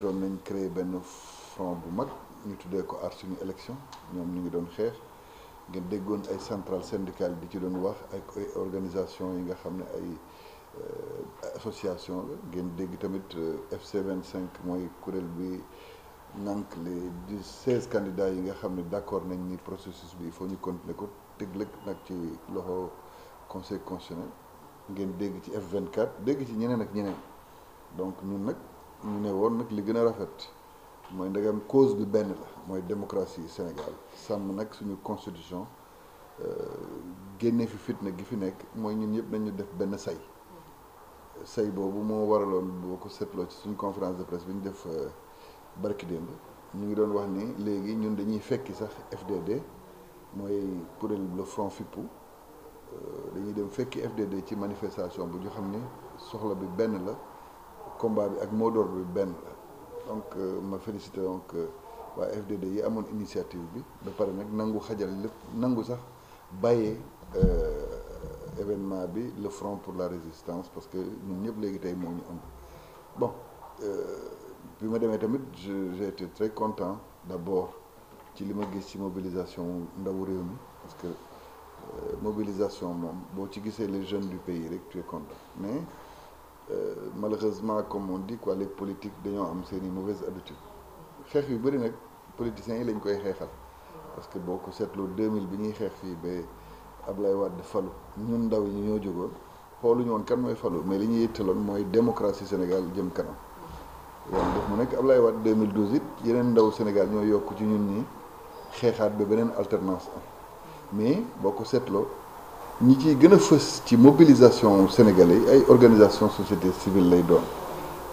doon nañ créé benn front bu mag ñu tuddee ko aar suñu élection ñoom ñu ngi doon xeex ngeen déggoon ay centrale syndicale di ci doon wax ak ay organisation yi nga xam ne ay euh, association la ngeen dégg tamit euh, FC 25 mooy kuréel bi nank le du 16 candidats yi nga xam ne d'accord nañ ni processus bi il ñu continuer ko tëglëg nag ci loxo conseil constitutionnel ngeen dégg ci F24 dégg ci ñeneen ak ñeneen donc ñu ne woon nag li gën a rafet mooy ndegam cause bi benn la mooy démocratie Sénégal sàmm nag suñu constitution euh, génne fi fitna gi fi nekk mooy ñun ñëpp nañu def benn say say boobu moo waraloon boo ko seetloo ci suñu conférence de presse bi ñu def euh, barki démb ñu ngi doon wax ni léegi ñun dañuy fekki sax FDD mooy kuréel le front fippu euh, dañuy dem fekki FDD ci manifestation bu ñu xam ni soxla bi benn la combat bi ak mot bi benn la donc euh, ma félicité donc waa FDD yi amoon initiative bi ba pare nag nangu xajal lépp nangu sax bàyyee euh, événement bi le front pour la résistance parce que ñun ñëpp léegi tey moo ñu ëmb bon euh, bi ma demee tamit j'ai été très content d'abord ci li ma gis ci mobilisation ndawu réew mi parce que mobilisation moom boo ci gisee les jeunes du pays rek tu es content mais Euh, malheureusement comme on dit quoi les dañoo am seeni mauvaise habitude xeex yu bëri nag politiciens yi lañ koy xeexal parce que boo ko seetloo 2000 bi ñuy xeex fii ba Ablaye Wade falu ñun ndaw ñi ñoo jógoon xooluñu woon kan mooy falu mais li ñuy yittaloon mooy démocratie Sénégal jëm kanam waaw def mu nekk Ablaye Wade 2012 it yeneen ndaw Sénégal ñoo yokk ci ñun ñi xeexaat ba beneen alternance am mais boo ko seetloo. ñi ciy gën a fës ci mobilisation sénégalais yi ay organisation société civile lay doon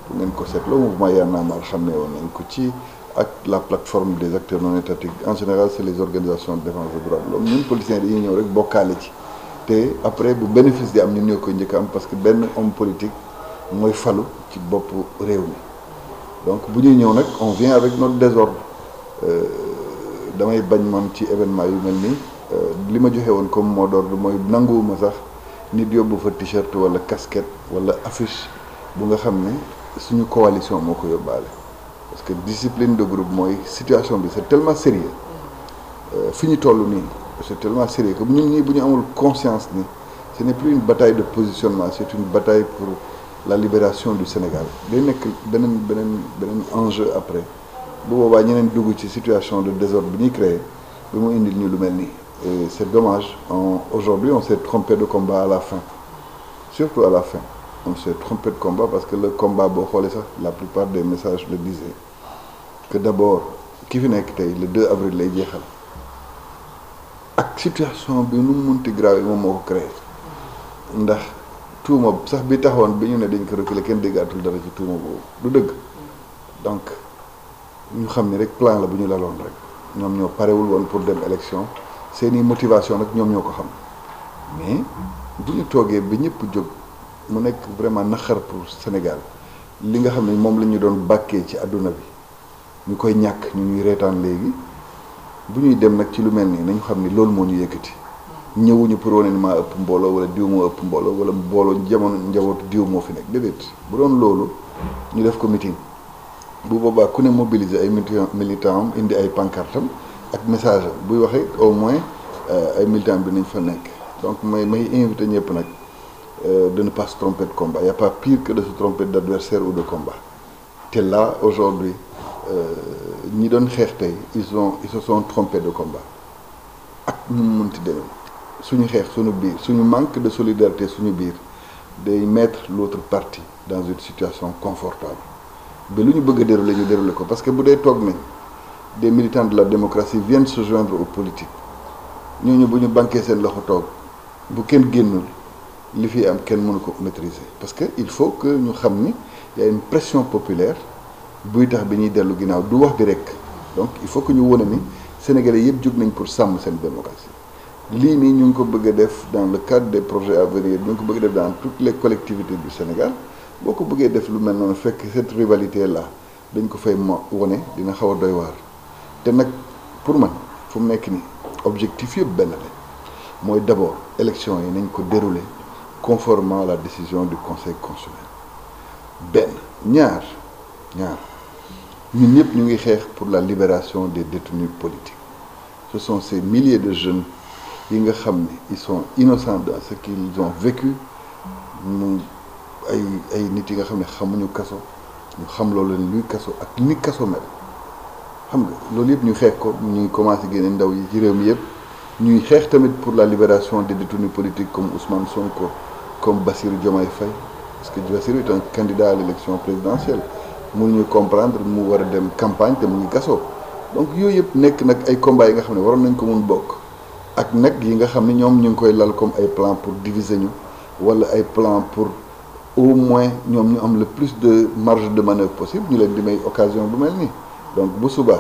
bu ngeen ko seetloo mouvement Y'en a marre xam ne woon nañ ko ci ak la plateforme des acteurs non étatiques en général c'est les organisations de défense des droits de l'homme ñun politiciens ñëw rek bokkaale ci te après bu bénéfice di am ñun ñoo koy njëkk am parce que benn homme politique mooy falu ci bopp réew mi donc bu ñuy ñëw nag on vient avec notre désordre euh, damay bañ moom ci événement yu mel nii Euh, li ma joxe woon comme mot d'ordre mooy nanguwuma sax nit yóbbu fa t-shirt wala casquette wala affiche bu nga xam ne suñu coalition moo ko yóbbaale parce que discipline de groupe mooy situation bi c'est tellement sérieux euh, fi ñu toll nii que tellement sérieux que ñun ñii bu ñu amul conscience ni ce n'est plus une bataille de positionnement c'est une bataille pour la libération du Sénégal day nekk beneen beneen beneen enjeu après bu boobaa ñeneen dugg ci situation de désordre bi ñuy créer bi mu indil lu mel nii Et c'est dommage. Aujourd'hui, on s'est trompé de combat à la fin. Surtout à la fin. On s'est trompé de combat parce que le combat, la plupart des messages le disaient. Que d'abord, ki fi nekk tey le 2 avril lay jeexal ak situation bi nu mun munti grave moom moo ko créé ndax tuuma sax bi taxoon bi ñu ne dañ ko reculer kenn déggaatul dara ci tuuma boobu du dëgg donc ñu xam ni rek plan la bu ñu laloon rek ñoom ñoo parewul woon pour dem élection seeni motivation nag ñoom ñoo ko xam mais bu ñu toogee bi ñëpp jóg mu nekk vraiment naqar pour Sénégal li nga xam ne moom la ñu doon bàkkee ci àdduna bi ñu koy ñàkk ñu ñuy reetaan léegi bu ñuy dem nag ci lu mel nii nañu xam ni loolu moo ñu yëkkati ñëwuñu pour wane ni maa ëpp mbooloo wala diw moo ëpp mbooloo wala mbooloo jamono njabootu diw moo fi nekk déedéet bu doon loolu ñu def ko meeting bu boobaa ku ne mobiliser ay militant am indi ay pancartam ak message buy waxee au moins euh, ay militants bi nañ fa nekk donc may may invité ñëpp nag euh, de ne pas se tromper de combat il y a pas pire que de se tromper d'adversaire ou de combat te là aujourd'hui euh, ñi doon xeex tey ils ont ils se sont trompés de combat ak ñu munti demee suñu xeex suñu biir suñu manque de solidarité suñu biir day mettre l'autre partie dans une situation confortable ba lu ñu bëgg a dérouler ñu dérouler ko parce que bu dee toog nañ des militants de la démocratie viennent se joindre aux ñoo ñu bu ñu bankee seen loxo toog bu kenn génnul li fi am kenn mënu ko maîtriser parce que il faut que ñu xam ni y a une pression populaire buy tax bi ñuy dellu ginnaaw du wax bi rek donc il faut que ñu wone ni sénégalais yëpp jóg nañ pour sàmm seen démocratie lii nii ñu ngi ko bëgg a def dans le cadre de projet à ñu ngi ko bëgg a def dans toutes les collectivités du Sénégal boo ko bëggee def lu mel noonu fekk cette rivalité là dañ ko fay mo wone dina xaw a doy waar te nag pour man fu mu nekk nii objectif yëpp benn la mooy d' abord élection yi nañ ko dérouler conformément la décision du conseil constitutionnel benn ñaar ñaar ñun ñëpp ñu ngi xeex pour la libération des détenus politiques ce sont ces milliers de jeunes yi nga xam ne ils sont innocents dans ce qu'ils ont vécu mu ay ay nit yi nga xam ne xamuñu kaso ñu xam loolu ni luy kaso ak ni kaso mel xam nga loolu yëpp ñu xeex ko ñu commencé génne ndaw yi ci réew yëpp ñuy xeex tamit pour la libération des détenus politiques comme Ousmane Sonko comme Bassirou Diomaye Faye parce que Bassirou est un candidat à l'élection présidentielle ñu comprendre mu war a dem campagne te mu ngi gasoo donc yooyu yëpp nekk nag ay combats yi nga xam ne waroon nañ ko mun bokk ak nag yi nga xam ne ñoom ñu ngi koy lal comme ay plan pour diviser ñu wala ay plan pour au moins ñoom ñu am le plus de marge de manœuvre possible ñu leen di may occasion bu mel nii donc bu subaa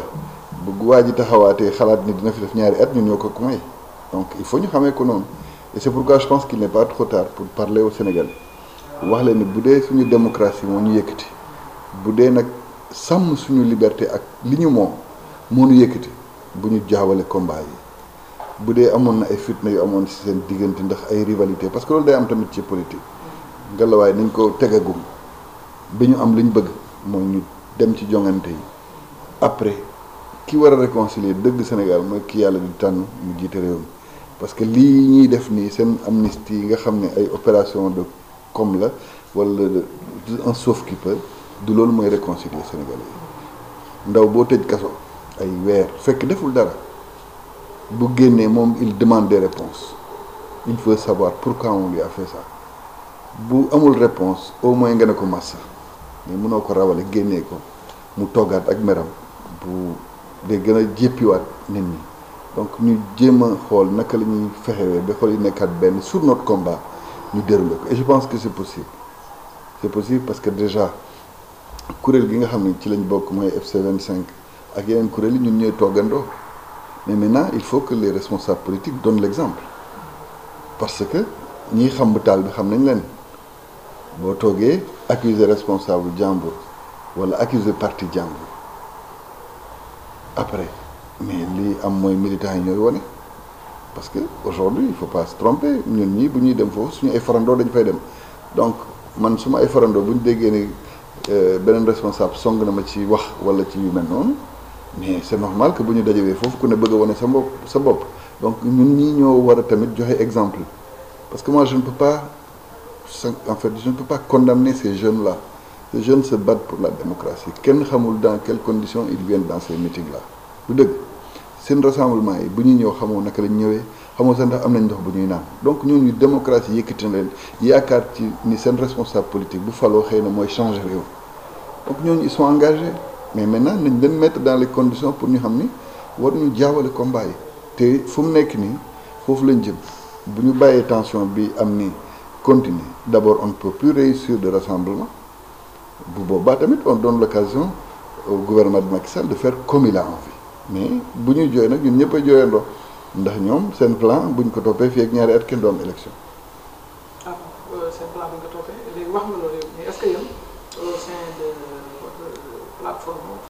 bu waa ji taxawaatee xalaat ni dina fi def ñaari at ñun ñoo ko ku may donc il faut ñu xamee ko noonu et c'est pourquoi je pense qu'il n'est pas trop pour parler au Sénégal wax leen ni bu dee suñu démocratie moo ñu yëkkati bu dee nag sàmm suñu liberté ak li ñu moom moo ñu yëkkati bu ñu jaawale combat yi bu dee amoon na ay fitna yu amoon si seen diggante ndax ay rivalité parce que loolu day am tamit ci politique ngelawaay nañ ko tegagum bi ñu am li ñu bëgg mooy ñu dem ci jongante yi après ki war a réconcilier dëgg Sénégal mooy ki yàlla di tànn mu jiite réew mi parce que lii ñuy def nii seen amnistie yi nga xam ne ay opération de comme la wala un sauve-qui-peut du loolu mooy réconcilier Sénégal yi ndaw boo tëj kaso ay weer fekk deful dara bu génnee moom il demande des réponses il faut savoir pourquoi on lui a fait ça bu amul réponse au moins nga ne ko massa mais mënoo ko rawale génnee ko mu toggaat ak meram bu day gën a jéppiwaat nit ñi donc ñu jéem a xool naka la ñuy fexewee ba xool yi nekkaat benn sur notre combat ñu déroulé ko et pense que c'est possible c'est possible parce que déjà kuréel gi nga xam ne ci lañ bokk mooy FC 25 ak yeneen kuréel yi ñun ñooy toggandoo mais maintenant il faut que les responsables politiques donnent l'exemple parce que ñiy xam bu taal bi xam nañ leen boo toogee accuser responsable jàmbur wala accuser parti jàmbur après mais lii am mooy militants yi ñooy wane parce que aujourd'hui il faut pas tromper ñun ñii bu ñuy dem foofu suñu ay farandoo dañu fay dem donc man suma ay farandoo bu ñu déggee ne euh, beneen responsable song na ma ci wax wala ci yu mel noonu mais c'est normal que bu ñu dajewee foofu ku ne bëgg a wane sa bopp sa bopp donc ñun ñii ñoo war a tamit joxe exemple parce que moi je ne peux pas en fait je ne peux condamner ces jeunes là ces jeune se battent pour la démocratie kenn xamul dans quelles conditions ils viennent dans ces meetings là lu dëgg seen rassemblement yi bu ñuy ñëw xamoo naka lañ ñëwee xamoo sax ndax am nañ ndox bu ñuy naan donc ñooñu démocratie yëkkati na leen yaakaar ci ni seen responsable politique bu faloo xëy na mooy changer réew donc ñooñu ils sont engagés mais maintenant nañ leen mettre dans les conditions pour ñu xam ni war ñu jaawale combat yi te fu mu nekk nii foofu lañ jëm bu ñu bàyyee tension bi am ni continuer d'abord on ne réussir de rassemblement bu boobaa tamit on donne l'occasion au gouvernement de Macky de faire comme il a envie mais bu ñuy jooy nag ñun ñëpp a jooyandoo ndax ñoom seen plan ñu ko toppee fii ak ñaari at kenn doon élection